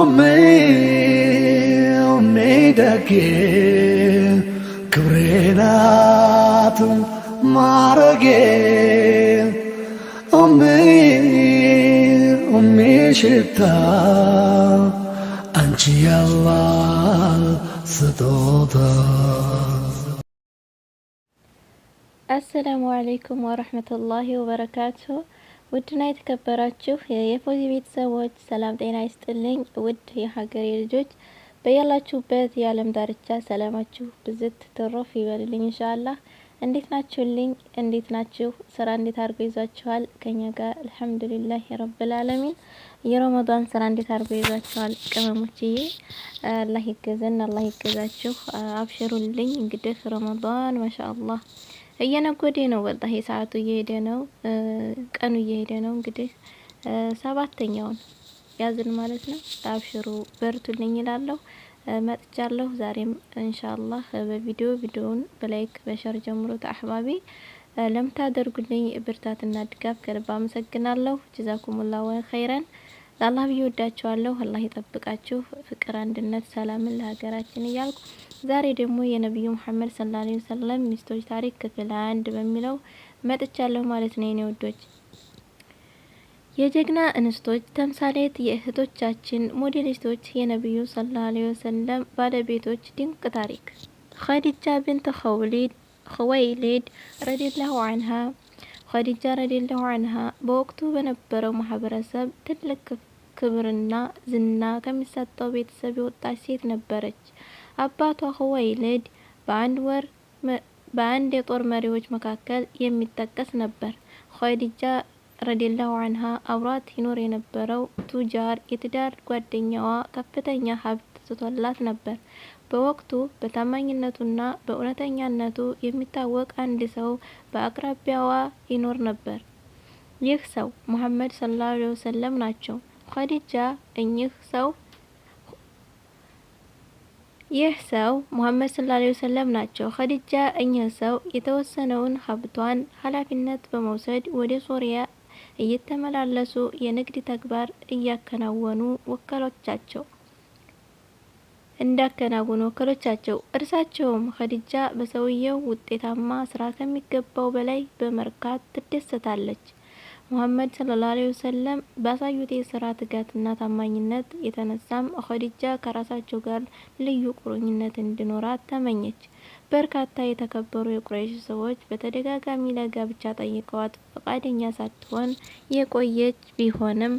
أمي أمي دكي كبرينات أمي أمي شتا أنت الله السلام عليكم ورحمة الله وبركاته ውድና የተከበራችሁ የፎዚ ቤተሰቦች ሰላም ጤና ይስጥልኝ። ውድ የሀገሬ ልጆች በያላችሁበት የዓለም ዳርቻ ሰላማችሁ ብዝት ትሮፍ ይበልልኝ። እንሻአላህ እንዴት ናችሁልኝ? እንዴት ናችሁ? ስራ እንዴት አድርጎ ይዟችኋል? ከኛ ጋር አልሐምዱሊላህ ረብል አለሚን። የረመዳን ስራ እንዴት አድርጎ ይዟችኋል? ቅመሞችዬ አላህ ይገዘን፣ አላህ ይገዛችሁ። አብሽሩልኝ። እንግዲህ ረመዳን ማሻአላህ እየነጎዴ ነው። ወጣ ይሄ ሰዓቱ እየሄደ ነው፣ ቀኑ እየሄደ ነው። እንግዲህ ሰባተኛውን ያዝን ማለት ነው። አብሽሩ በርቱልኝ ይላለሁ። መጥቻለሁ ዛሬም ኢንሻአላህ በቪዲዮ ቪዲዮውን በላይክ በሸር ጀምሩት ተአህባቢ ለምታደርጉልኝ ብርታትና ድጋፍ ከልብ አመሰግናለሁ። ጀዛኩሙላ ወን ኸይረን ለአላህ ብዬ ወዳችኋለሁ። አላህ ይጠብቃችሁ። ፍቅር፣ አንድነት፣ ሰላምን ለሀገራችን እያልኩ ዛሬ ደግሞ የነቢዩ መሐመድ ሰለላሁ ዐለይሂ ወሰለም ሚስቶች ታሪክ ክፍል አንድ በሚለው መጥቻለሁ ማለት ነው። የኔ ውዶች የጀግና እንስቶች ተምሳሌት የእህቶቻችን ሞዴሊስቶች የነቢዩ ሰለላሁ ዐለይሂ ወሰለም ባለቤቶች ድንቅ ታሪክ ኸዲጃ ብንት ኸውሊድ ኸወይሊድ ረዲላሁ አንሃ ኸዲጃ ረዲላሁ አንሃ በወቅቱ በነበረው ማህበረሰብ ትልቅ ክብርና ዝና ከሚሰጠው ቤተሰብ የወጣች ሴት ነበረች። አባቷ ኹወይልድ በአንድ የጦር መሪዎች መካከል የሚጠቀስ ነበር። ኸዲጃ ረዲላሁ አንሃ አብሯት ይኖር የነበረው ቱጃር የትዳር ጓደኛዋ ከፍተኛ ሀብት ትቶላት ነበር። በወቅቱ በታማኝነቱና በእውነተኛነቱ የሚታወቅ አንድ ሰው በአቅራቢያዋ ይኖር ነበር። ይህ ሰው ሙሐመድ ሰለላሁ ዐለይሂ ወሰለም ናቸው። ኸዲጃ እኚህ ሰው ይህ ሰው ሙሐመድ ሰለላሁ ዐለይሂ ወሰለም ናቸው። ኸዲጃ እኚህ ሰው የተወሰነውን ሀብቷን ኃላፊነት በመውሰድ ወደ ሶሪያ እየተመላለሱ የንግድ ተግባር እያከናወኑ ወከሎቻቸው እንዳከናወኑ ወከሎቻቸው እርሳቸውም ኸዲጃ በሰውየው ውጤታማ ስራ ከሚገባው በላይ በመርካት ትደሰታለች። ሙሐመድ ሰለላሁ ዐለይሂ ወሰለም ባሳዩት የስራ ትጋትና ታማኝነት የተነሳም ኸዲጃ ከራሳቸው ጋር ልዩ ቁርኝነት እንዲኖራት ተመኘች። በርካታ የተከበሩ የቁረይሽ ሰዎች በተደጋጋሚ ለጋብቻ ጠይቀዋት ፈቃደኛ ሳትሆን የቆየች ቢሆንም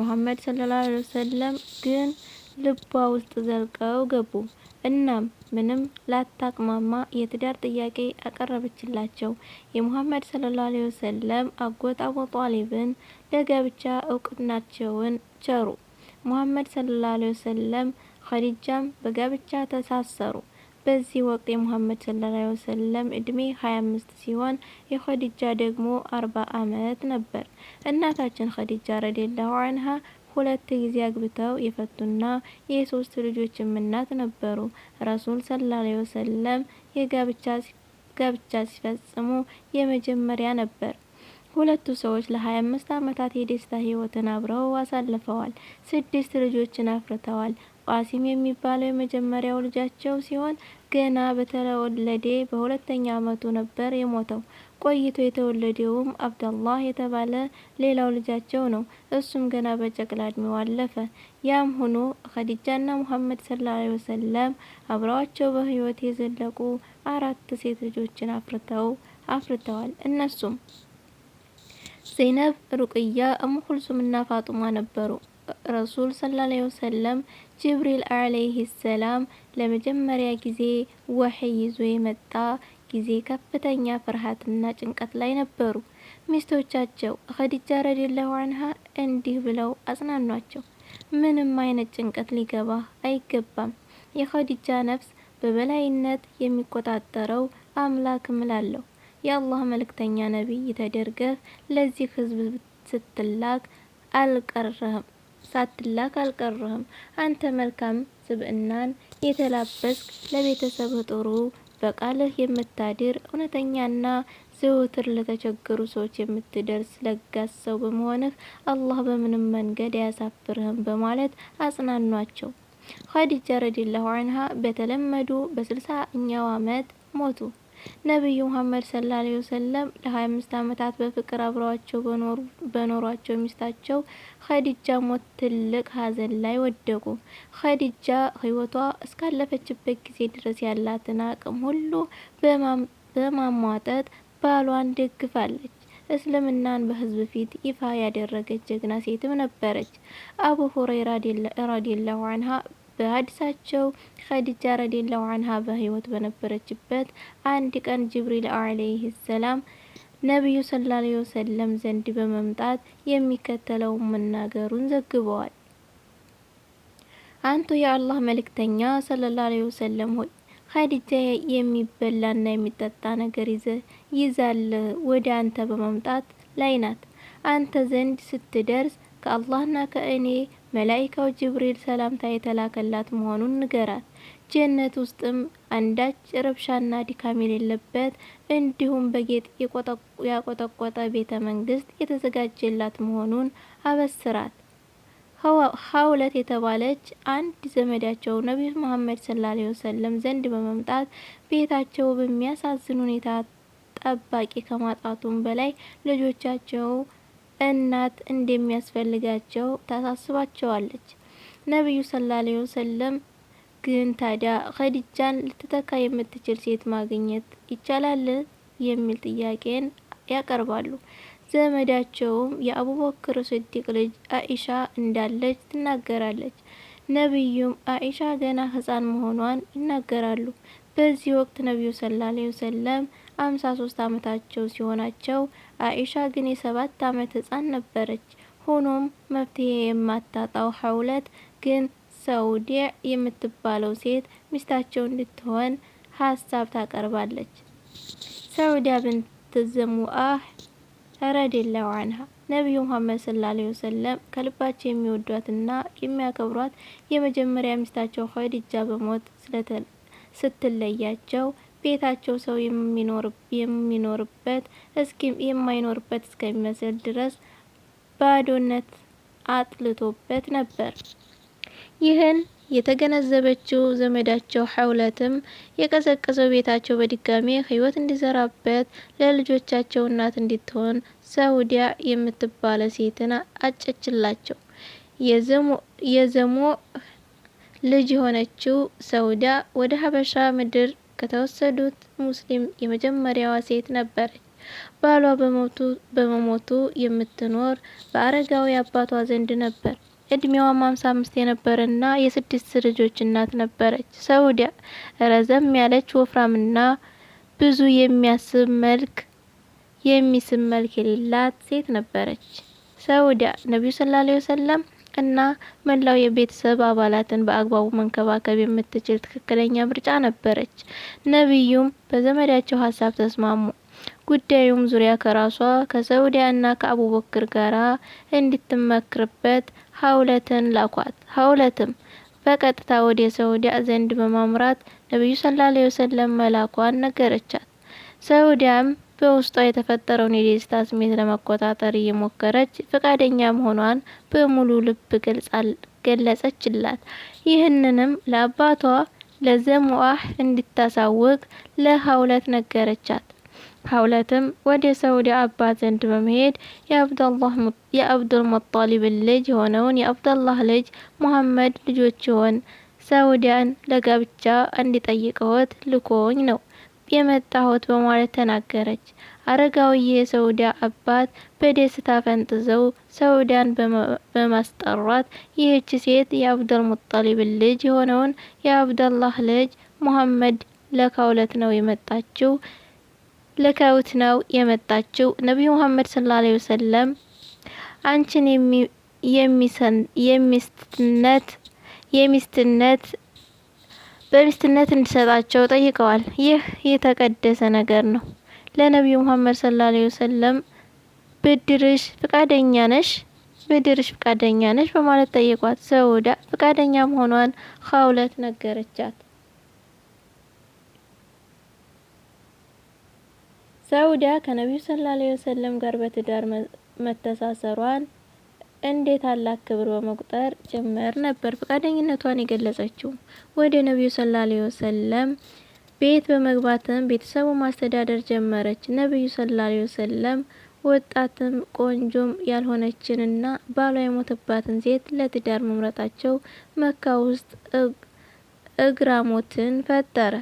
ሙሐመድ ሰለላሁ ዐለይሂ ወሰለም ግን ልቧ ውስጥ ዘልቀው ገቡ። እናም ምንም ላታቅማማ የትዳር ጥያቄ አቀረበችላቸው። የሙሐመድ ሰለላሁ ዐለይሂ ወሰለም አጎት አቡ ጧሊብን ለጋብቻ እውቅናቸውን ቸሩ። ሙሐመድ ሰለላሁ ዐለይሂ ወሰለም ኸዲጃም በጋብቻ ተሳሰሩ። በዚህ ወቅት የሙሐመድ ሰለላሁ ዐለይሂ ወሰለም እድሜ 25 ሲሆን የኸዲጃ ደግሞ 40 ዓመት ነበር። እናታችን ኸዲጃ ረዲየላሁ ዐንሃ ሁለት ጊዜ አግብተው የፈቱና የሶስት ልጆችም እናት ነበሩ። ረሱል ሰለላሁ ዐለይሂ ወሰለም የጋብቻ ጋብቻ ሲፈጽሙ የመጀመሪያ ነበር። ሁለቱ ሰዎች ለ25 ዓመታት የደስታ ህይወትን አብረው አሳልፈዋል። ስድስት ልጆችን አፍርተዋል። ቋሲም የሚባለው የመጀመሪያው ልጃቸው ሲሆን ገና በተወለደ በሁለተኛ ዓመቱ ነበር የሞተው። ቆይቶ የተወለደውም አብደላህ የተባለ ሌላው ልጃቸው ነው። እሱም ገና በጨቅላ እድሜው አለፈ። ያም ሆኖ ኸዲጃና ሙሐመድ ሰለላሁ ዐለይሂ ወሰለም አብረዋቸው በህይወት የዘለቁ አራት ሴት ልጆችን አፍርተው አፍርተዋል። እነሱም ዘይነብ፣ ሩቅያ፣ እሙ እና ፋጡማ ነበሩ። ረሱል ሰለላሁ ወሰለም ጅብሪል አለይሂ ሰላም ለመጀመሪያ ጊዜ ወህይ ይዞ የመጣ ጊዜ ከፍተኛ ፍርሃትና ጭንቀት ላይ ነበሩ። ሚስቶቻቸው ኸዲጃ ረዲየላሁ አንሃ እንዲህ ብለው አጽናኗቸው። ምንም አይነት ጭንቀት ሊገባ አይገባም። የኸዲጃ ነፍስ በበላይነት የሚቆጣጠረው አምላክ እምላለሁ። የአላህ መልእክተኛ ነቢይ ተደርገህ ለዚህ ህዝብ ስትላክ አልቀረህም። ሳትላክ አልቀረህም። አንተ መልካም ስብእናን የተላበስክ ለቤተሰብህ ጥሩ በቃልህ የምታድር እውነተኛና ዘወትር ለተቸገሩ ሰዎች የምትደርስ ለጋስ ሰው በመሆንህ አላህ በምንም መንገድ አያሳፍርህም በማለት አጽናኗቸው። ኸዲጃ ረዲላሁ አንሃ በተለመዱ በስልሳኛው አመት ሞቱ። ነቢዩ መሐመድ ሰለላሁ ዐለይሂ ወሰለም ለ25 ዓመታት በፍቅር አብረዋቸው በኖሯቸው ሚስታቸው ኸዲጃ ሞት ትልቅ ሐዘን ላይ ወደቁ። ኸዲጃ ሕይወቷ እስካለፈችበት ጊዜ ድረስ ያላትን አቅም ሁሉ በማሟጠጥ ባሏን ደግፋለች። እስልምናን በህዝብ ፊት ይፋ ያደረገች ጀግና ሴትም ነበረች። አቡ ሁረይራ ረዲየላሁ አንሃ በሀዲሳቸው ኸዲጃ ረዲላሁ አንሃ በህይወት በነበረችበት አንድ ቀን ጅብሪል አለይህ ሰላም ነቢዩ ሰለላሁ ዐለይሂ ወሰለም ዘንድ በመምጣት የሚከተለው መናገሩን ዘግበዋል። አንተ የአላህ መልእክተኛ ሰለላሁ ዐለይሂ ወሰለም ሆይ ኸዲጃ የሚበላና የሚጠጣ ነገር ይዛል ወደ አንተ በመምጣት ላይ ናት። አንተ ዘንድ ስትደርስ ከአላህና ከእኔ መላይካው ጅብሪል ሰላምታ የተላከላት መሆኑን ንገራት። ጀነት ውስጥም አንዳች ረብሻና ድካም የሌለበት እንዲሁም በጌጥ ያቆጠቆጠ ቤተ መንግስት የተዘጋጀላት መሆኑን አበስራት። ሀውለት የተባለች አንድ ዘመዳቸው ነቢዩ መሐመድ ሰለላሁ ዐለይሂ ወሰለም ዘንድ በመምጣት ቤታቸው በሚያሳዝን ሁኔታ ጠባቂ ከማጣቱም በላይ ልጆቻቸው እናት እንደሚያስፈልጋቸው ታሳስባቸዋለች። ነቢዩ ሰለላሁ ዐለይሂ ወሰለም ግን ታዲያ ኸዲጃን ልትተካ የምትችል ሴት ማግኘት ይቻላል የሚል ጥያቄን ያቀርባሉ። ዘመዳቸውም የአቡበክር ስዲቅ ልጅ አኢሻ እንዳለች ትናገራለች። ነቢዩም አኢሻ ገና ህፃን መሆኗን ይናገራሉ። በዚህ ወቅት ነቢዩ ሰለላሁ ዐለይሂ ወሰለም አምሳ ሶስት ዓመታቸው ሲሆናቸው አኢሻ ግን የሰባት ዓመት ህጻን ነበረች። ሆኖም መፍትሄ የማታጣው ሀውለት ግን ሰውዲያ የምትባለው ሴት ሚስታቸው እንድትሆን ሀሳብ ታቀርባለች። ሰውዲያ ብንት ዘሙአህ ረዲላሁ አንሃ ነቢዩ ሙሐመድ ሰለላሁ ዐለይሂ ወሰለም ከልባቸው የሚወዷትና የሚያከብሯት የመጀመሪያ ሚስታቸው ኸዲጃ በሞት ስትለያቸው ቤታቸው ሰው የሚኖርበት እስኪ የማይኖርበት እስከሚመስል ድረስ ባዶነት አጥልቶበት ነበር። ይህን የተገነዘበችው ዘመዳቸው ሐውለትም የቀዘቀዘው ቤታቸው በድጋሜ ህይወት እንዲዘራበት ለልጆቻቸው እናት እንድትሆን ሰውዲያ የምትባለ ሴትን አጨችላቸው። የዘሞ ልጅ የሆነችው ሰውዲያ ወደ ሀበሻ ምድር ከተወሰዱት ሙስሊም የመጀመሪያዋ ሴት ነበረች። ባሏ በመሞቱ የምትኖር በአረጋዊ አባቷ ዘንድ ነበር። እድሜዋም ሃምሳ አምስት የነበረና የስድስት ልጆች እናት ነበረች። ሰውዲያ ረዘም ያለች ወፍራምና ብዙ የሚያስብ መልክ የሚስብ መልክ የሌላት ሴት ነበረች። ሰውዲያ ነቢዩ ሰለላሁ ዐለይሂ ወሰለም እና መላው የቤተሰብ አባላትን በአግባቡ መንከባከብ የምትችል ትክክለኛ ምርጫ ነበረች። ነቢዩም በዘመዳቸው ሀሳብ ተስማሙ። ጉዳዩም ዙሪያ ከራሷ ከሰውዲያ እና ከአቡበክር ጋራ እንድትመክርበት ሀውለትን ላኳት። ሀውለትም በቀጥታ ወደ ሰውዲያ ዘንድ በማምራት ነቢዩ ሰለላሁ ዐለይሂ ወሰለም መላኳን ነገረቻት። ሰውዲያም በውስጧ የተፈጠረውን የደስታ ስሜት ለመቆጣጠር እየሞከረች ፈቃደኛ መሆኗን በሙሉ ልብ ገለጸችላት። ይህንንም ለአባቷ ለዘሙአህ እንድታሳውቅ ለሀውለት ነገረቻት። ሀውለትም ወደ ሰውዲ አባት ዘንድ በመሄድ የአብዱል ልጅ የሆነውን የአብዱላህ ልጅ ሙሐመድ ልጆች ሆን ሰውዲያን ለጋብቻ እንዲጠይቀዎት ልኮኝ ነው የመጣሁት በማለት ተናገረች። አረጋዊ የሰውዳ አባት በደስታ ፈንጥዘው ሰውዳን በማስጠራት ይህች ሴት የአብደል ሙጠሊብ ልጅ የሆነውን የአብደላህ ልጅ ሙሐመድ ለካውለት ነው የመጣችው ለካውት ነው የመጣችው። ነቢዩ ሙሐመድ ሰለላሁ ዐለይሂ ወሰለም አንቺን የሚስትነት የሚስትነት በሚስትነት እንዲሰጣቸው ጠይቀዋል። ይህ የተቀደሰ ነገር ነው። ለነቢዩ መሐመድ ሰለላሁ ዐለይሂ ወሰለም ብድርሽ ፍቃደኛ ነሽ ብድርሽ ፍቃደኛ ነሽ በማለት ጠየቋት። ሰውዳ ፍቃደኛ መሆኗን ኻውለት ነገረቻት። ሰውዳ ከነቢዩ ሰለላሁ ዐለይሂ ወሰለም ጋር በትዳር መተሳሰሯን እንዴት ታላቅ ክብር በመቁጠር ጭምር ነበር ፈቃደኝነቷን የገለጸችው። ወደ ነቢዩ ሰለላሁ ዐለይሂ ወሰለም ቤት በመግባትም ቤተሰቡ ማስተዳደር ጀመረች። ነቢዩ ሰለላሁ ዐለይሂ ወሰለም ወጣትም ቆንጆም ያልሆነችንና ባሏ የሞተባትን ሴት ለትዳር መምረጣቸው መካ ውስጥ እግራሞትን ፈጠረ።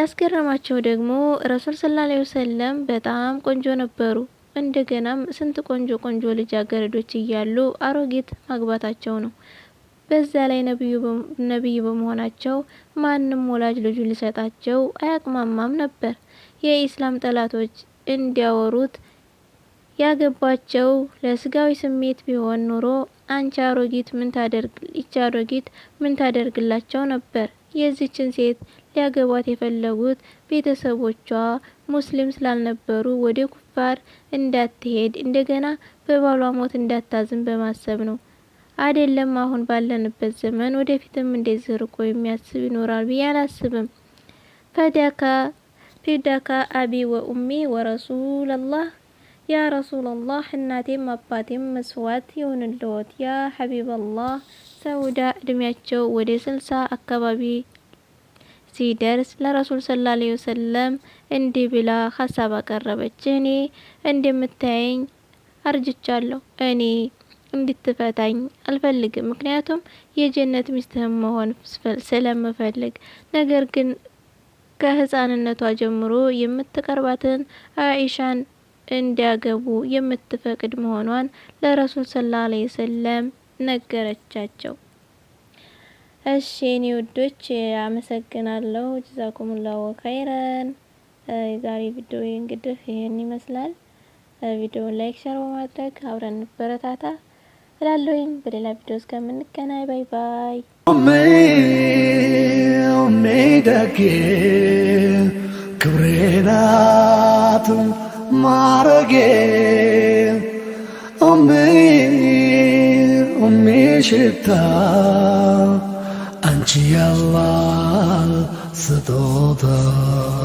ያስገረማቸው ደግሞ ረሱል ሰለላሁ ዐለይሂ ወሰለም በጣም ቆንጆ ነበሩ። እንደገናም ስንት ቆንጆ ቆንጆ ልጃገረዶች እያሉ አሮጊት ማግባታቸው ነው። በዛ ላይ ነብይ በመሆናቸው ማንም ወላጅ ልጁን ሊሰጣቸው አያቅማማም ነበር። የኢስላም ጠላቶች እንዲያወሩት ያገባቸው ለስጋዊ ስሜት ቢሆን ኑሮ አንቺ አሮጊት ምን ታደርግ ይቺ አሮጊት ምን ታደርግላቸው ነበር? የዚችን ሴት ሊያገቧት የፈለጉት ቤተሰቦቿ ሙስሊም ስላልነበሩ ወደ ኩፋር እንዳትሄድ እንደገና በባሏ ሞት እንዳታዝን በማሰብ ነው። አይደለም አሁን ባለንበት ዘመን ወደፊትም እንደዚህ ርቆ የሚያስብ ይኖራል ብዬ አላስብም። ፈዳካ ፊዳካ አቢ ወኡሚ ወረሱላላህ ያ ረሱላላህ እናቴም አባቴም መስዋዕት ይሁንልዎት። ያ ሀቢበላህ ሰውዳ እድሜያቸው ወደ ስልሳ አካባቢ ሲደርስ ለረሱል ሰለላሁ ዐለይሂ ወሰለም እንዲህ ብላ ሀሳብ አቀረበች። እኔ እንደምታየኝ አርጅቻለሁ። እኔ እንድትፈታኝ አልፈልግም። ምክንያቱም የጀነት ሚስትህ መሆን ስለምፈልግ ነገር ግን ከህፃንነቷ ጀምሮ የምትቀርባትን አኢሻን እንዲያገቡ የምትፈቅድ መሆኗን ለረሱል ሰለላሁ ዐለይሂ ወሰለም ነገረቻቸው። እሺ እኔ ውዶች አመሰግናለሁ። ጀዛኩሙላሁ ኸይረን። የዛሬ ቪዲዮ እንግዲህ ይህን ይመስላል። ቪዲዮውን ላይክ፣ ሸር በማድረግ አብረን በረታታ እላለሁኝ። በሌላ ቪዲዮ እስከምንገናኝ ባይ ባይ። ሜሜደጌ ክብሬናት ማረጌ ሜ ሜ ሽታ 吉呀啦，四哆哆。